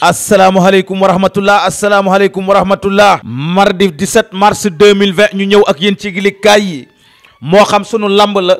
asalaamaaleykum wa rahmatullah asalaamaaleykum wa rahmatullah mardi 17 mars 2020 ñu ñëw ak yéen ci yëglikaay yi moo xam sunu lamb la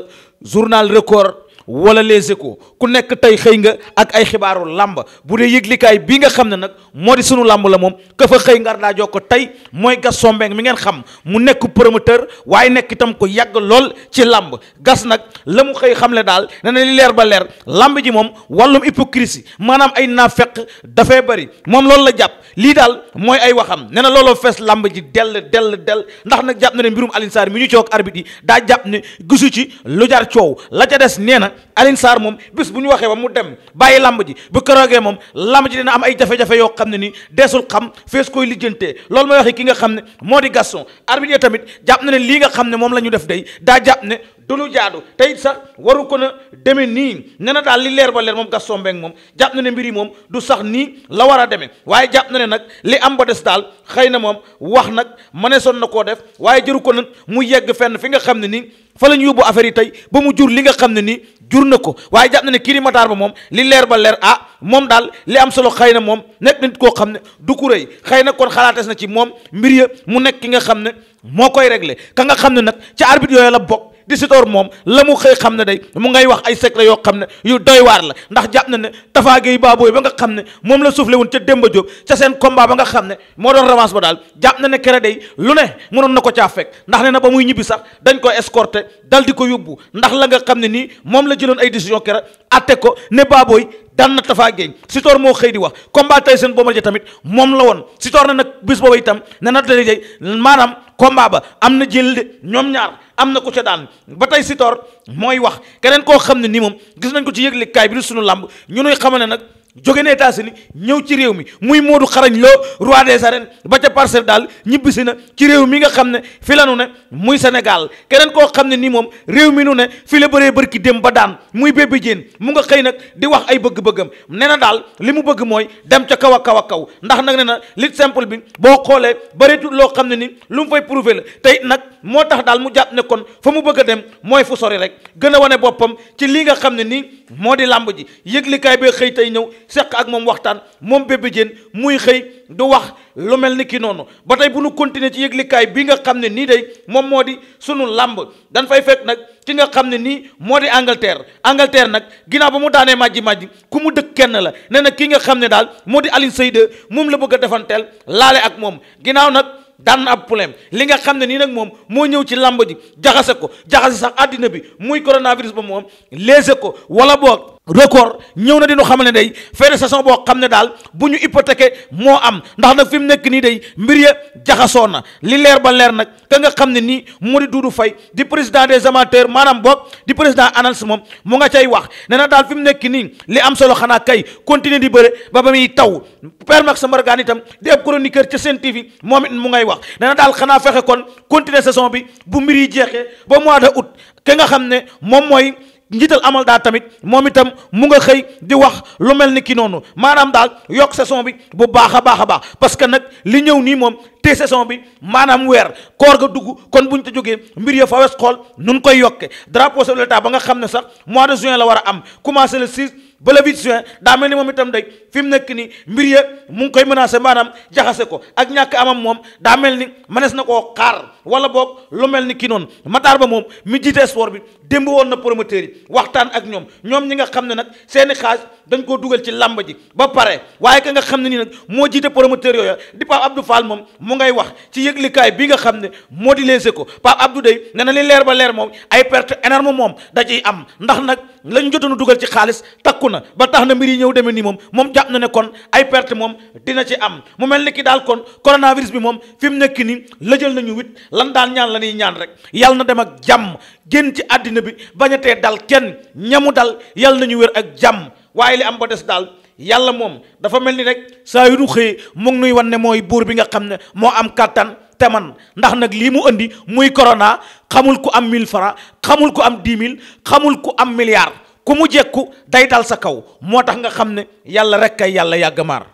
journal record wala les échos ku nekk tey xëy nga ak ay xibaaru làmb bu dee yëglikaay bii nga xam ne nag moo di sunu làmb la moom ka xëy ngar daa jox ko tey mooy Gaston Mbengue mi ngeen xam mu nekk promoteur waaye nekk itam ko yàgg lool ci làmb gas nag la mu xëy xam le daal ne li leer ba leer làmb ji moom wàllum hypocrisie maanaam ay naafeq dafay bari moom loolu la jàpp lii daal mooy ay waxam ne na looloo fees làmb ji dell dell del ndax nag jàpp na ne mbirum Alioune Sarr mi ñu coog arbitre yi daa jàpp ne gisu ci lu jar coow la ca des nee na Alioune Sarr moom bis bu ñu waxee ba mu dem bàyyi lamb ji bu këroogee moom lamb ji dina am ay jafe-jafe yoo xam ne nii deesul xam fees koy lijjantee loolu may waxee ki nga xam ne moo di Gaston arbitre tamit jàpp na ne lii nga xam ne moom la ñu def day daa jàpp ne du lu jaadu tey sax waru ko na demee nii ne na daal li leer ba leer moom gas Mbengue moom jàpp na ne mbir yi moom du sax nii la war a demee waaye jàpp na ne nag li am ba des daal xëy na moom wax nag mëneesoon na koo def waaye jëru ko nag mu yegg fenn fi nga xam ne nii fa la ñu yóbbu affaire yi tey ba mu jur li nga xam ne nii jur na ko waaye jàpp na ne kii di Matar Ba moom li leer ba ah moom daal li am solo xëy na moom nekk nit koo xam ne du ku rëy xëy na kon xalaates na ci moom mbir ya mu nekk ki nga xam ne moo koy réglé ka nga xam ne nag ci arbitre yooyu la bokk disitor moom la mu xëy xam ne day mu ngay wax ay secret yoo xam ne yu doy waar la ndax jàpp na ne tafaagee baa booy ba nga xam ne moom la soufflé woon ca Demba Diop ca seen combat ba nga xam ne moo doon revanche ba daal jàpp na ne kere day lu ne mënoon na ko caa fekk ndax ne na ba muy ñibbi sax dañ ko escorté dal di ko yóbbu ndax la nga xam ne nii moom la jëloon ay décision kere atte ko ne baabooy daan na tafaa géeñ Sitor moo xëy di wax combat tey seen Bombardier tamit moom la woon Sitor ne nag bis boobu itam ne na dajee maanaam combat ba am na jël de ñoom ñaar am na ku ca daan ba tey Sitor mooy wax keneen koo xam ne ni moom gis nañ ko ci yëgle lekkaay bi di sunu làmb ñu nuy xamal ne nag jóge na États-Unis ñëw ci réew mi muy Modou Xarañ Lo roi des arènes ba ca parcelle daal ñibbisi na ci réew mi nga xam ne fi la nu ne muy Sénégal keneen koo xam ne ni moom réew mi nu ne fi la bëree bërki dem ba daan muy Bébé Diène mu nga xëy nag di wax ay bëgg-bëggam nee daal li mu bëgg mooy dem ca kaw a kaw a kaw ndax nag nee na lit simple bi boo xoolee bëreetul loo xam ne ni lu mu fay prouver la tey nag moo tax daal mu jàpp ne kon fa mu bëgg a dem mooy fu sori rek gën a wane boppam ci li nga xam ne nii moo di làmb ji yëglikaay bee xëy tey ñëw seq ak moom waxtaan moom Bébé Diène muy xëy du wax lu mel ni ki noonu ba tey bu nu continuer ci yëglikaay bii nga xam ne nii day moom moo di sunu làmb dañ fay fekk nag ci nga xam ne nii moo di Angleterre Angleterre nag ginnaaw ba mu daanee majji majji ku mu dëkk kenn la nee na ki nga xam ne daal moo di Alioune Seye moom la bëgg a defanteel laale ak moom ginnaaw nag daan na ab problème li nga xam ne nii nag moom moo ñëw ci làmb ji jaxase ko jaxase sax àddina bi muy coronavirus ba moom léese ko wala boog record ñëw na dinu xamal ne day fin de saison boo xam ne daal bu ñu hypothéqué moo am ndax nag fi mu nekk nii day mbir ya jaxasoo na li leer ba leer nag ka nga xam ne nii mu di Doudou Faye di président des amateurs maanaam boog di président ANALS moom mu nga cay wax ne na daal fi mu nekk nii li am solo xanaa kay continuer di bëre ba ba muy taw Père Max Mbargane itam di ab chroniqueur ca Sen TV moom it mu ngay wax ne na daal xanaa fexe kon continuer saison bi bu mbir yi jeexee ba mois de août ki nga xam ne moom mooy njiital amal daal tamit moom itam mu nga xëy di wax lu mel ni kii noonu maanaam daal yokk saison bi bu baax a baax a baax parce que nag li ñëw nii moom te saison bi maanaam weer koor ga dugg kon bu ñu te jógee mbir ya fa wes xool nun koy yokke drapeau de l'État ba nga xam ne sax mois de juin la war a am commencé le si ba le 8 daa mel ni moom itam day fi mu nekk ni mbir ya mu ngi koy menacé maanaam jaxase ko ak ñàkk amam moom daa mel ni mënees na ko xaar wala boog lu mel ni ki noonu Matar Ba moom mi jiite sport bi démb woon na promoteur yi waxtaan ak ñoom ñoom ñi nga xam ne nag seeni xaaj dañ koo dugal ci làmb ji ba pare waaye ka nga xam ne nii nag moo jiite promoteur yooyu di Pape Abdou Fall moom mu ngay wax ci yëglikaay bi nga xam ne moo di leese ko Pape Abdou day ne na li leer ba leer moom ay perte énorme moom da am ndax nag lañ jotoon dugal ci xaalis yokku na ba tax na mbir yi ñëw demee nii moom moom jàpp na ne kon ay perte moom dina ci am mu mel ni ki daal kon coronavirus bi moom fi mu nekk nii lëjal jël nañu wit lan daan ñaan la ñuy ñaan rek yàlla na dem ak jàmm génn ci àddina bi bañ a tee dal kenn ñamu dal yàlla nañu wér ak jàmm waaye li am ba des daal yàlla moom dafa mel ni rek saa yu nu xëyee mu nuy wan ne mooy buur bi nga xam ne moo am kàttan te man ndax nag lii mu indi muy corona xamul ku am 1000 francs xamul ku am 10 000 xamul ku am milliard ku mu jekku day dal sa kaw moo tax nga xam ne yàlla rek ay yàlla yàgg maar.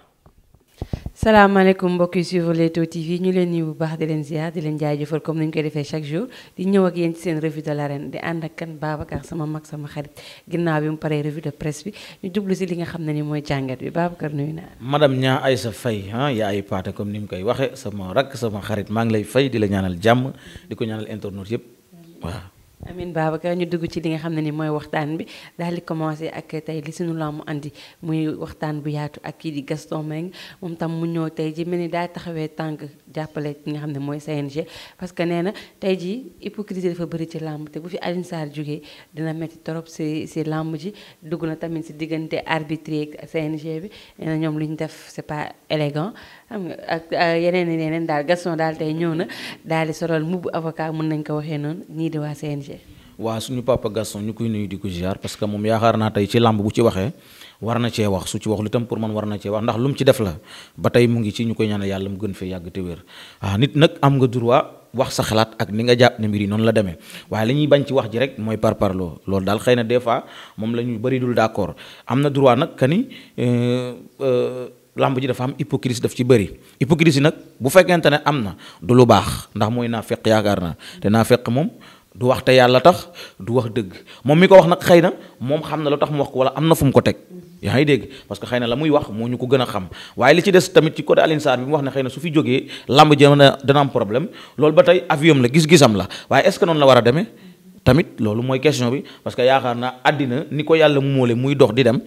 salaamaaleykum mbokk yi suivre Leewtoo TV ñu leen nuyu bu baax di leen ziar di leen jaajëfal comme ni ñu koy defee chaque jour di ñëw ak yéen ci seen revue de l'arène di ànd ak kan Babacar sama mag sama xarit ginnaaw bi mu paree revue de presse bi ñu jublu si li nga xam ne ni mooy jàngat bi Babacar nuyu naa. ñaa ay Aïssa Faye ah yaa ay paate comme ni mu koy waxee sama rakk sama xarit maa ngi lay fay di la ñaanal jàmm di ko ñaanal internet yëpp waaw. amin Babacar ñu dugg ci li nga xam ne ni mooy waxtaan bi daal di commencé ak tey li suñu làmb andi muy waxtaan bu yaatu ak kii di Gaston Mbengue moom tam mu ñëw tey ji mel ni daa taxawee tànk jàppale ki nga xam ne mooy CNG parce que nee na tey ji hypocrisie dafa bëri ci làmb te bu fi Alioune Sarr jógee dina métti trop si si làmb ji dugg na tamit si diggante arbitre ak CNG bi nee ñoom lu ñu def c'est pas élégant xam nga ak euh, yeneen i yeneen daal Gaston daal tey ñëw na daal di soral mbubb avocat mën nañ ko waxee noonu ñii di waa CNG. waaw suñu papa Gaston ñu koy nuyu di ko parce que moom yaakaar naa tey ci làmb bu ci waxee war na cee wax su ci wax lu tam pour man war na cee wax ndax lu ci def la ba tey mu ngi ci ñu koy ñaanal yàlla mu gën fee yàgg te wér ah, nit nag am nga droit. wax sa xalaat ak ni nga jàpp ne mbir yi noonu la demee waaye li ñuy bañ ci wax ji rek mooy par parloo loolu daal xëy na des fois moom la ñu bëri dul d'accord am na lamb ji dafa am hypocrisie def ci bëri hypocrisie nag bu fekkente ne am na du lu baax ndax mooy naa feq yaakaar naa te naa feq moom du wax te yàlla tax du wax dëgg moom mi ko wax nag xëy na moom xam na lu tax mu wax ko wala am na fu mu ko teg yaa ngi dégg parce que xëy na la muy wax moo ñu ko gën a xam waaye li ci des tamit ci côté Alioune Sarr bi mu wax ne xëy na su fi jógee lamb ji dana am problème loolu ba tey avion la gis-gisam la waaye est-ce que la war a demee tamit loolu mooy question bi parce que yaakaar naa àddina ni ko yàlla mu moole muy dox di dem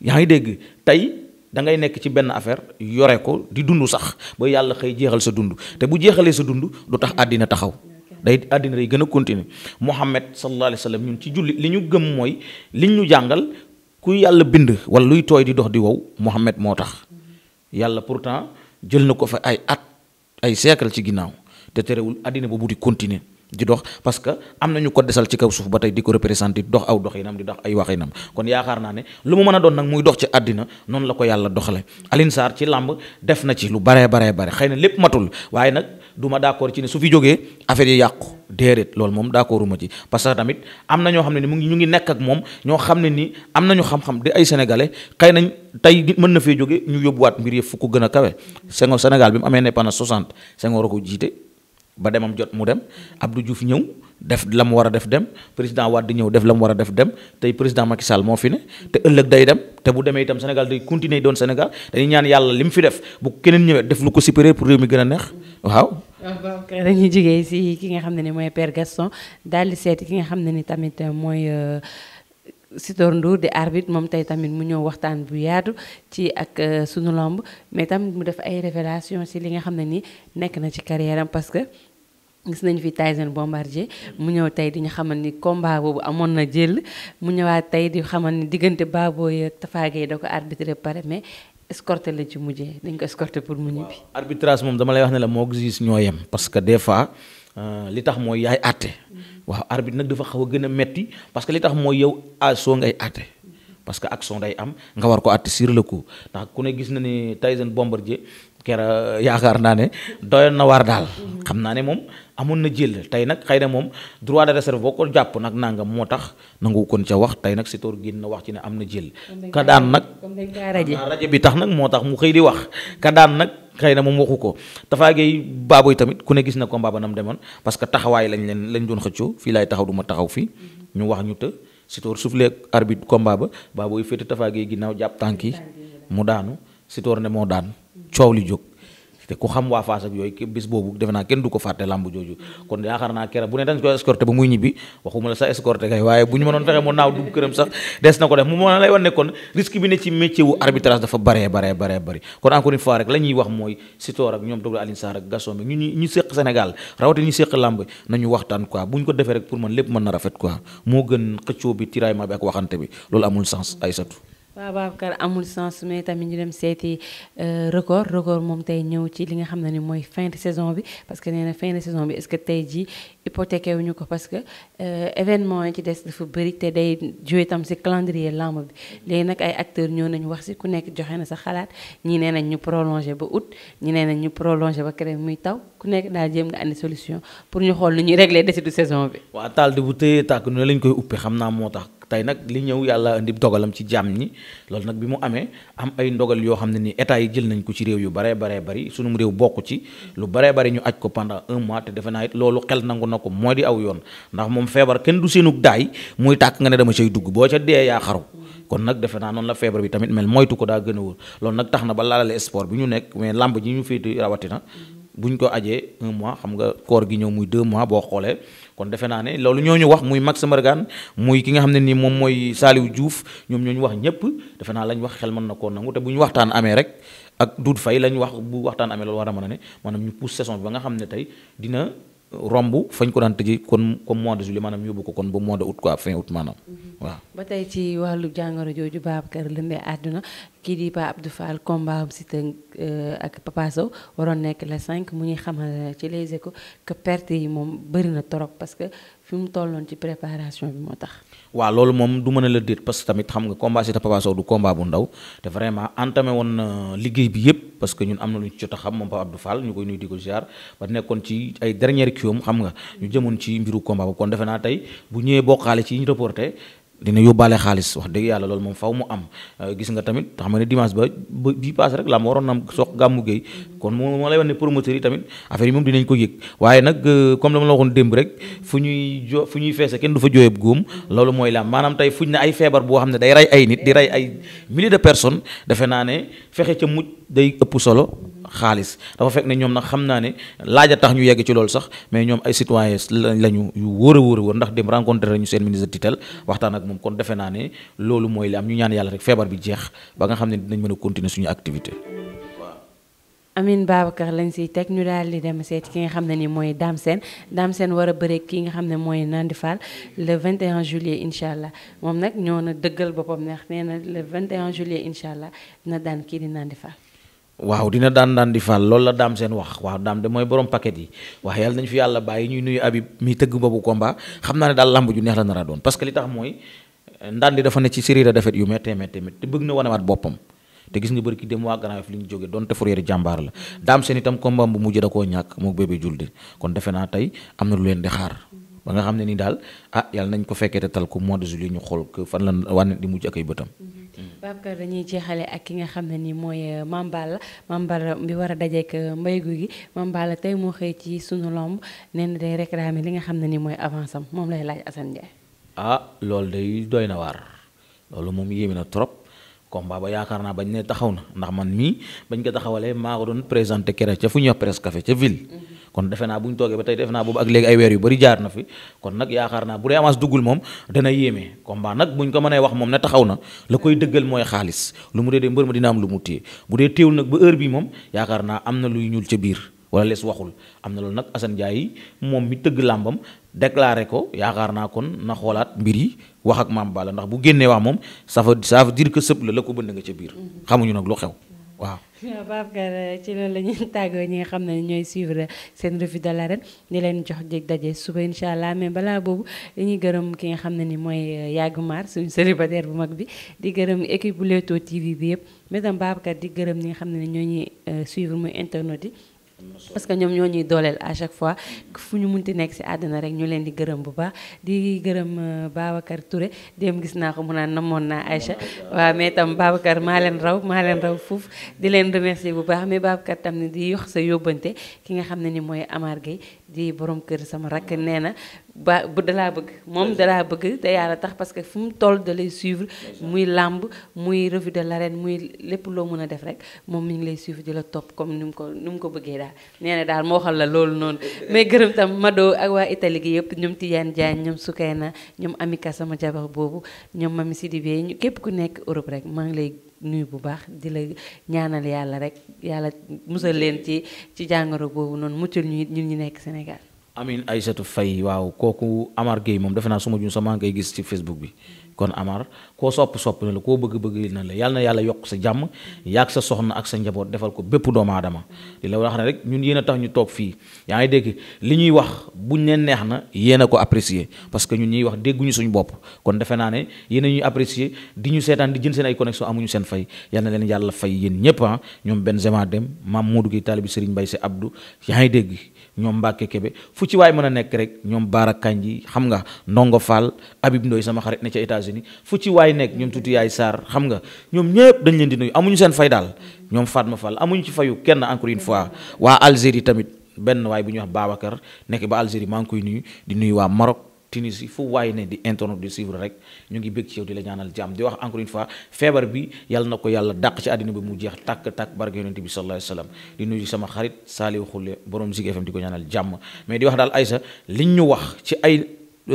yaa ngi dégg tey da ngay nekk ci benn affaire yore ko di dund sax ba yàlla xëy jeexal sa dund te bu jeexalee sa dund du tax àddina taxaw day àddina day gën a continuer Muhammad sallallahu alayhi wa sallam ñun ci julli li ñu gëm mooy li ñu jàngal ku yàlla bind wala luy tooy di dox di wow Muhammad moo tax yàlla pourtant jël na ko fa ay at ay siècle ci ginnaaw te terewul àddina boobu di continuer di dox parce que am na ñu ko desal ci kaw suuf ba tey di ko représenté dox aw nam di dox ay waxinam kon yaakaar naa ne lu mu mën a doon nag muy dox ci àddina noonu la ko yàlla doxale Alioune Sarr ci làmb def na ci lu baree baree bare xay na lépp matul waaye nag duma ma d'accord ci ne su fi jógee affaire yi yàqu déedéet loolu moom ma ci parce que tamit am na ñoo xam ne ni mu ngi ñu ngi nekk ak moom ñoo xam ne nii am nañu xam-xam di ay sénégalais xëy nañ tey mën na fee jóge ñu yóbbuwaat mbir yëpp fu ko gën a kawe Senghor Sénégal bi mu amee indépendance 60 Senghor a ko jiite ba demam jot mu dem Abdou Diouf ñëw def la mu war a def dem président Wade ñëw def la mu war a def dem tey président Macky Sall moo fi ne te ëllëg day dem te bu demee itam Sénégal day continuer doon Sénégal dañuy ñaan yàlla li mu fi def bu keneen ñëwee def lu ko supérieur pour réew mi gën a neex waaw. waaw ah, dañuy jógee si ki nga xam ne ni mooy Père Gaston daal di seet ki nga xam ne ni tamit euh, mooy. Euh, Sitor Ndour di arbitre moom tey tamit mu ñëw waxtaan bu yaatu ci ak euh, sunu lomb mais tamit mu def ay révélation ci li nga xam ne ni nekk na ci carrière parce que gis nañu fi Tyson Bombardier mu ñëw tey di ñu xamal ni combat boobu amoon na jël mu ñëwaat tey di xamal ni diggante Baboye ak Tapha Gueye da ko arbitré pare mais escorté la ci mujjee dañ ko escorté pour mu ñibbi. arbitrage moom dama lay wax ne la moo gis ñoo yem parce que des fois euh, li tax mooy yaay àtte waaw arbitre nag dafa xaw a gën a metti parce que li tax mooy yow action ngay àtte parce que action day am nga war ko àtte sur le coup ndax ku ne gis na ne Tyson Bombardier kera yaakaar naa ne doyoon na waar daal xam naa ne moom amoon na jël tey nag xëy na moom droit de réserve boo ko jàpp nag nangam moo tax nangu kon ca wax tey nag Sitor génn na wax ci ne am na jël ka daan nag rajo bi tax nag moo tax mu xëy di wax ka daan nag xëy na moom waxu ko Tapha Gueye baaboy tamit ku ne gis na combat ba nam demoon parce que taxawaay lañ leen lañ doon xëccoo fii laay taxaw du ma taxaw fii ñu wax ñu të Sitor soufflé arbitre combat ba baaboy féete Tapha Gueye ginnaaw jàpp tànk yi mu daanu Sitor coow li jóg te ku xam waa Fass ak yooyu bis boobu defe naa kenn du ko fàtte làmb jooju kon yaakaar naa kera bu ne dañ koy escorté ba muy ñibbi waxuma la sax escorté kay waaye bu ñu mënoon fexe mu naaw dugg këram sax des na ko def mu risque bi ne ci métier wu arbitrage dafa baree baree baree bëri rek la ñuy wax mooy Sitor ak ñoom docteur Alioune Sarr ak Gaston bi ñu ñu ñu séq Sénégal rawatina ñu séq làmb nañu waxtaan quoi bu ñu ko defee rek pour man lépp mën na rafet quoi moo gën xëccoo bi tiraillement bi ak waxante bi loolu amul sens Aïssatou waaw Babacar amul sens mais tamit ñu dem seeti euh, record record moom tey ñëw ci li nga xam ne ni mooy fin de saison bi parce que nee na fin de saison bi est-ce que tey jii hypothéqué ñu ko parce que euh, événement yi ci des dafa bëri te day joué tam si clandrier lamb bi léegi nag ay acteurs ñëw nañu wax si ku nekk joxe na sa xalaat ñi nee nañ ñu prolongé ba ut ñi nee nañ ñu prolongé ba keneen muy taw ku nekk daal jéem nga andi solution pour ñu xool nu ñuy réglé décidu saison bi. waaw taal di bu tëyee tàkk ne lañ koy uppi xam naa moo tax. tey nag li ñëw yàlla indi dogalam ci jàmm ñi loolu nag bi mu amee am ay ndogal yoo xam ne nii état yi jël nañ ko ci réew yu baree baree bari sunum réew bokk ci lu baree bari ñu aj ko pendant un mois te defe naa it loolu xel nangu na ko mooy di aw yoon ndax moom feebar kenn du seenug daay muy tàkk nga ne dama cay dugg boo ca dee yaa xaru kon nag defe naa noon la feebar bi tamit mel moytu ko daa gën a wóor loolu nag tax na ba laalale sport bi ñu nekk mais làmb ji ñu féete rawatina bu ñu ko ajee un mois xam nga koor gi ñëw muy deux mois boo xoolee kon defe naa ne loolu ñoo ñu wax muy mag Max Margan muy ki nga xam ne nii moom mooy Saliou juuf ñoom ñoo ñu wax ñëpp defe naa lañ wax xel mën na koo nangu te bu ñu waxtaan amee rek ak duut fay lañ wax bu waxtaan amee loolu war a mën a ne maanaam ñu pousse saison bi ba nga xam ne tey dina. romb fañ ko daan tëjee kon comme mois de juillet maanaam yóbbu ko kon ba mois de août quoi fin août maanaam mhm. waaw. ba tey ci wàllu jàngoro jooju Babacar lëmbee àdduna kii di Pa Abdou Fall combat am Siteu ak Papa waroon nekk la cinq mu ñuy xamal euh, ci les ko que perte yi moom bëri na torop parce que fi mu tolloon ci préparation bi moo tax. waaw loolu moom du mën a la déet parce que tamit xam nga combat Siteu Papa Sow du combat bu ndaw te vraiment entamé woon liggéey bi yëpp parce que ñun am na lu ñu ci jot a xam moom Pape Abdou Fall ñu koy nuy di ko ziar ba nekkoon ci ay dernière kiom xam nga ñu jëmoon ci mbiru combat boobu kon defe naa tey bu ñëwee bokkaale ci ñu reporté dina yóbbaale xaalis wax dëgg yàlla loolu moom faw mu am euh, gis nga tamit xam nga ne dimanche ba ba bii paase rek la ma waroon am sox gàmmu géey kon moo moo lay wax ne promoteurs yi tamit affaire yi moom dinañ ko yëg waaye nag euh, comme la ma la waxoon démb rek fu ñuy jo fu ñuy feese kenn du fa jooyab góom loolu mooy la maanaam tey fuñ ne ay feebar boo xam ne day rey ay nit di rey ay milliers de personnes defe naa ne fexe ca mucc day ëpp solo xaalis dafa fekk ne ñoom nag xam naa ne laaja tax ñu yegg ci loolu sax mais ñoom ay citoyens lañu yu wóor a wóor a wóor ndax dem rencontré nañu seen ministre tutelle waxtaan ak moom kon defe naa ne loolu mooy li am ñu ñaan yàlla rek feebar bi jeex ba nga xam ne dinañ mën a continuer suñu activité Amin Babacar lañ siy teg ñu daal di dem seet ki nga xam ne ni mooy Dame Sène Dame seen war a bëre ki nga xam ne mooy Nandi Fall le 21 juillet incha allah moom nag ñoo na dëggal boppam neex nee na le 21 juillet incha allah na daan kii di Nandi Fall waaw dina daan daan di faal lool la daam seen wax waaw daam de mooy borom paquet yi wax yàlla nañ fi yàlla bàyyi ñuy nuyu Habib mi tëgg boobu combat xam naa ne daal lamb ju neex la nar a doon parce que li tax mooy eh, ndandi dafa ne ci série de défaite yu méttee méttee méttee te bëgg na wanewaat boppam te gis nga bëri ki dem waa Grand Yoff li ñu jóge donte Fourrière jàmbaar la daam seen itam combat bu mujj da koo ñàkk moo bébé julde kon defe naa tey am na lu leen di xaar ba nga xam ne ni daal ah yàlla nañ ko fekkee te tal ko mois de juillet ñu xool que fan la wànnet di mujj ak ay bëtam. Mm-hmm. Babacar dañuy jeexale ak ki nga xam ne ni mooy euh, Mame Balla Mame Balla bi war a dajeek euh, Mbaye Gouy tey moo xëy ci sunu lomb nee na day réclamer li nga xam ne ni mooy avance am moom lay laaj Assane ah, loolu day doy na waar loolu moom yéeme na trop. combat ba yaakaar naa bañ ne taxaw na ndax man mii bañ ko taxawalee maa ko doon présenté kere ca fu ñuy wax presse café ca ville. Mm-hmm. kon defe naa bu ñu toogee ba tey defe naa boobu ak léegi ay weer yu bëri jaar na fi kon nag yaakaar naa bu dee avance duggul moom dana yéeme combat nag buñ ko mënee wax moom ne taxaw na la koy dëggal mooy xaalis lu mu dee dee mbër dina am lu mu téye bu dee téewul nag ba heure bi moom yaakaar naa am na luy ñuul ca biir wala lees waxul am na loolu nag Assane Ndiaye moom mi tëgg làmbam déclaré ko yaakaar naa kon na xoolaat mbir yi wax ak maam Balla ndax bu génnee wax moom safa veut ça dire que sëpp la la ko bënn nga ca biir mm-hmm. xamuñu nag lu xew Babacar ci loolu la ñuy tàggoo ñi nga xam ne ñooy suivre seen revue de l'arène ni leen jox jég daje suba incha allah mais balaa boobu dañuy gërëm ki nga xam ne ni mooy euh, yàggu maar suñu célibataire bu mag bi di gërëm équipe bu Leewtoo TV bi yëpp mais tam di gërëm ñi nga xam ne ñoo ñuy euh, suivre muy internet yi. parce que ñoom ñoo ñuy dooleel à chaque fois fu ñu munti nekk si àddina rek ñu leen di gërëm bu baax di gërëm euh, Babacar Touré dem gis naa ko mu naan namoon naa Aïcha waaw mais tam Babacar maa leen raw maa leen raw foofu di leen remercier bu baax mais Babacar tam ni di yox sa yóbbante ki nga xam ne ni mooy Amar Gueye di borom kër sama rakk nee na ba bu dalaa bëgg moom dalaa bëgg te yàlla tax parce que fu mu toll da lay suivre muy làmb muy revue de l'arène muy lépp loo mën a def rek moom mu ngi lay suivre di la topp comme ni mu ko ni mu ko bëggee daal nee na daal moo xam la loolu noonu mais gërëm tam Mado ak waa itali gi yëpp ñoom Tidiane Diagne ñoom na ñoom ami Amika sama jabar boobu ñoom Mami Sidibé ñu képp ku nekk Europe rek maa ngi lay nuyu bu baax di la ñaanal yàlla rek yàlla musal leen ci ci jàngoro boobu noonu muccal ñu ñun ñu nekk Sénégal Amin Aïssatou Faye waaw kooku Amar Gueye moom defe naa su ma juum sax maa ngi koy gis ci Facebook bi kon Amar koo sopp sopp na la koo bëgg-bëgg na la yàlla na yàlla yokk sa jàmm yàgg sa soxna ak sa njaboot defal ko bépp doomu aadama di la wax ne rek ñun yéen tax ñu toog fii yaa ngi dégg li ñuy wax buñ neex na yéen a ko apprécier parce que ñun ñuy wax dégguñu suñu bopp kon defe naa ne yéen a ñuy apprécier di ñu seetaan di jën seen ay connexion amuñu seen fay yal na leen yàlla fay yéen ñëpp ah ñoom Benzema Deme Mam Modou Gueye taalibi Serigne Mbaye Sy Abdou yaa ngi dégg ñoom Mbacke Kebe fu ci waay mën a nekk rek ñoom Baara Kanji xam nga Ndongo Fall Habib Ndoy sama xarit ne ca États États-Unis fu ci waay nekk ñoom tuuti yaay Sarr xam nga ñoom ñëpp dañ leen di nuyu amuñu seen fay daal ñoom Fatma Fall amuñu ci fayu kenn encore une fois waa Algérie tamit benn waay bu ñuy wax Babacar nekk ba Algérie maa ngi koy nuyu di nuyu waa Maroc Tunisie fu waaye ne di internet di suivre rek ñu ngi bëgg ci yow di la ñaanal jàmm di wax encore une fois feebar bi yàlla na ko yàlla dàq ci àddina bi mu jeex tàkk tàkk barke yonente bi sallallahu alayhi di nuyu sama xarit Saliou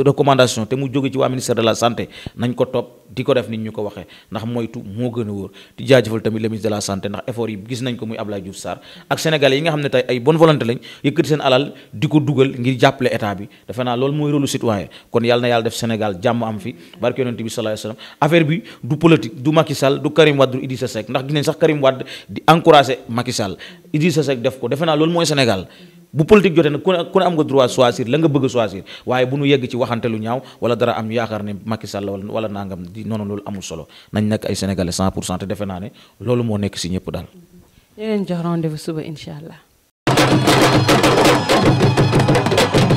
recommandation te mu jóge ci waa ministère de la santé nañ ko topp di ko def nit ñu ko waxee ndax moytu moo gën a wóor di jaajëfal tamit le de la santé ndax effort yi gis nañ ko muy Abdoulaye Diouf Sarr ak sénégalais yi nga xam ne tey ay bonne volonté lañ yëkkati seen alal di ko dugal ngir jàppale état bi defe naa loolu mooy rôle citoyen kon yàlla na yàlla def Sénégal jàmm am fi barke yonent bi sallallahu alayhi wasallam affaire bi du politique du Macky Sall du Karim Wade du Idrissa Seck ndax gis nañ sax Karim Wade di encourager Macky def ko defe naa loolu mooy Sénégal bu politique jotee nag ku ne ku ne am nga droit choisir la nga bëgg a choisir waaye bu nu yegg ci waxante lu ñaaw wala dara am ñu yaakaar ne Macky Sall wala wala nangam noonu loolu amul solo nañ nekk ay sénégalais 100 pour cent te defe naa ne loolu moo nekk si ñëpp daal. ñu leen jox